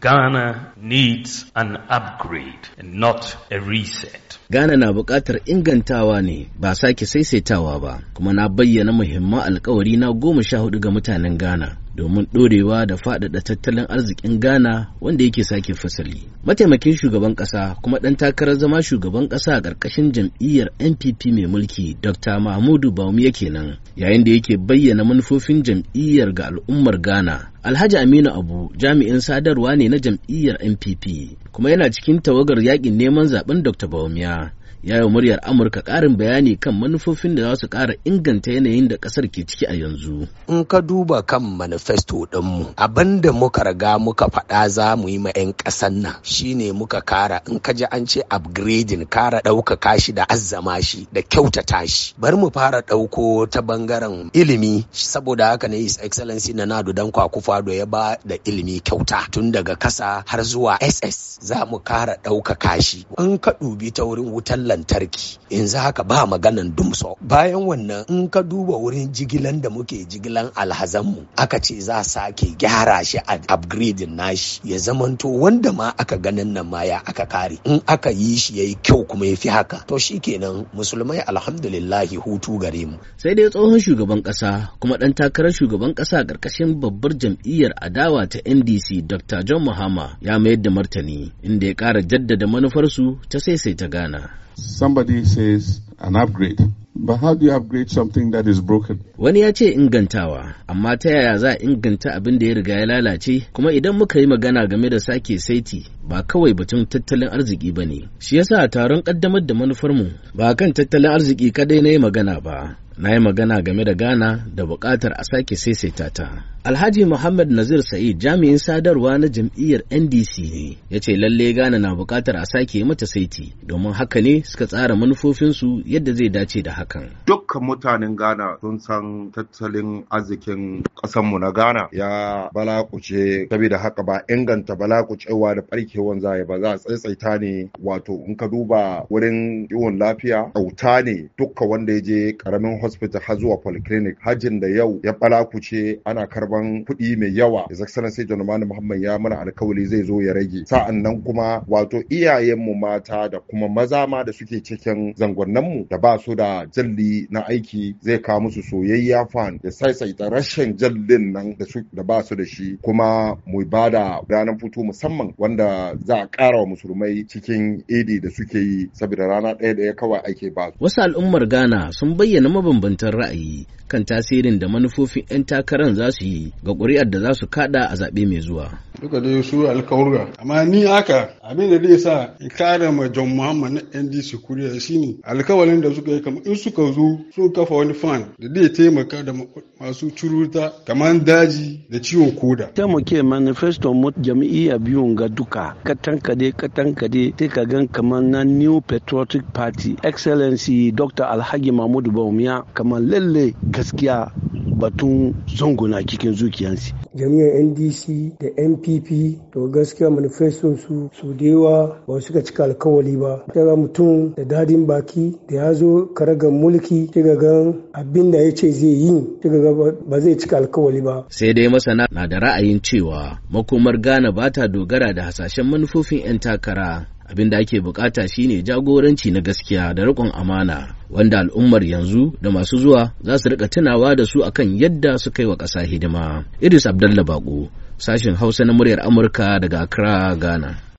Ghana needs an upgrade and not a reset. Ghana na buƙatar ingantawa ne ba sake saisaitawa ba, kuma na bayyana muhimman alkawari na goma sha hudu ga mutanen Ghana. domin ɗorewa da faɗaɗa tattalin arzikin Ghana wanda yake sake fasali. Mataimakin shugaban ƙasa kuma ɗan takarar zama shugaban ƙasa a ƙarƙashin jam'iyyar NPP mai mulki Dr. Mahmudu yake kenan yayin da yake bayyana manufofin jam'iyyar ga al'ummar Ghana. Alhaji Aminu Abu jami'in sadarwa ne na jam'iyyar NPP kuma yana cikin tawagar yaƙin neman zaɓen Dr. baumiya ya yi muryar amurka ƙarin bayani kan manufofin da za su ƙara inganta yanayin da ƙasar ke ciki a yanzu in ka duba kan manifesto ɗinmu abin da muka riga muka faɗa za mu yi ma 'yan ƙasan nan shine muka kara in ka ji an ce upgrading kara ɗaukaka shi da azzama shi da kyautata shi Bar mu fara ɗauko ta bangaren ilimi saboda haka ne his excellency na nadu dan kwakufado ya ba da ilimi kyauta tun daga kasa har zuwa ss za mu kara ɗaukaka shi in ka dubi ta wurin wutan lantarki in za haka ba maganan dumso bayan wannan in ka duba wurin jigilan da muke jigilan alhazanmu aka ce za sake gyara shi a upgrading nashi ya zamanto wanda ma aka ganin nan ma ya aka kare in aka yi shi ya yi kyau kuma ya fi haka to kenan musulmai alhamdulillahi hutu gare mu sai dai tsohon shugaban kasa kuma dan takarar shugaban kasa karkashin babbar jam'iyyar adawa ta NDC Dr. John Mahama ya mayar da martani inda ya kara jaddada manufarsu ta sai sai ta gana. Somebody says an upgrade. But how do you upgrade something that is broken? Wani ya ce ingantawa, amma ta yaya za a inganta abin da ya riga ya lalace? Kuma idan muka yi magana game da sake saiti, ba kawai batun tattalin arziki ba ne. Shi yasa taron ƙaddamar da manufarmu ba kan tattalin arziki kadai na yi magana ba, na yi magana game da Ghana da buƙatar a sake saisaita ta. Alhaji Muhammad Nazir Sa'id jami'in sadarwa na jam'iyyar NDC ne ya ce lalle Ghana na buƙatar a sake mata saiti domin haka ne suka tsara manufofinsu yadda zai dace da hakan. Dukkan mutanen Ghana sun san tattalin arzikin ƙasanmu na Ghana ya balakuce saboda haka ba inganta balakucewa da barkewan zai ba za a tsaitsaita ne wato in ka duba wurin kiwon lafiya auta ne dukka wanda ya je ƙaramin hospital har zuwa polyclinic hajjin da yau ya balakuce ana karban kuɗi mai yawa his sai john mani muhammad ya mana alkawali zai zo ya rage sa'an nan kuma wato iyayenmu mata da kuma maza ma da suke cikin mu da ba su da jalli na aiki zai kawo musu soyayya fan ya saisaita rashin jallin nan da ba su da shi kuma mu ba da ranar fito musamman wanda za a ƙara wa musulmai cikin idi da suke yi saboda rana ɗaya ya kawai ake ba Wasu al'ummar Ghana sun bayyana mabam mabambantan ra'ayi kan tasirin da manufofin 'yan takarar za su yi ga ƙuri'ar da za su kada a zaɓe mai zuwa. duka dai su alkawurga amma ni haka abin da zai sa in kare ma john muhammad na ndc kuriya shine alkawarin da suka yi kamar in suka zo su kafa wani fan da zai taimaka da masu curuta kamar daji da ciwon koda taimake manifesto mu jam'iyya biyun ga duka katankade katankade sai ka gan kamar na new patriotic party excellency dr alhaji mahmud baumiya kamar lalle gaskiya batun zunguna cikin zukiyansu. jam'i'ar ndc da npp to gaskiya manifestin su su dewa ba su ka cika alkawali ba kaga mutum da dadin baki da ya zo karagar mulki kiga ga abin da ya ce zai yi kiga ga ba zai cika alkawali ba sai dai masana na da ra'ayin cewa makomar ghana ba ta dogara da hasashen manufofin 'yan takara abin da ake bukata shine jagoranci na gaskiya da riƙon amana wanda al'ummar yanzu da masu zuwa za su rika tunawa da su akan yadda su kai wa ƙasa hidima. Idris Abdallah Bako, sashin Hausa na muryar Amurka daga Accra, Ghana.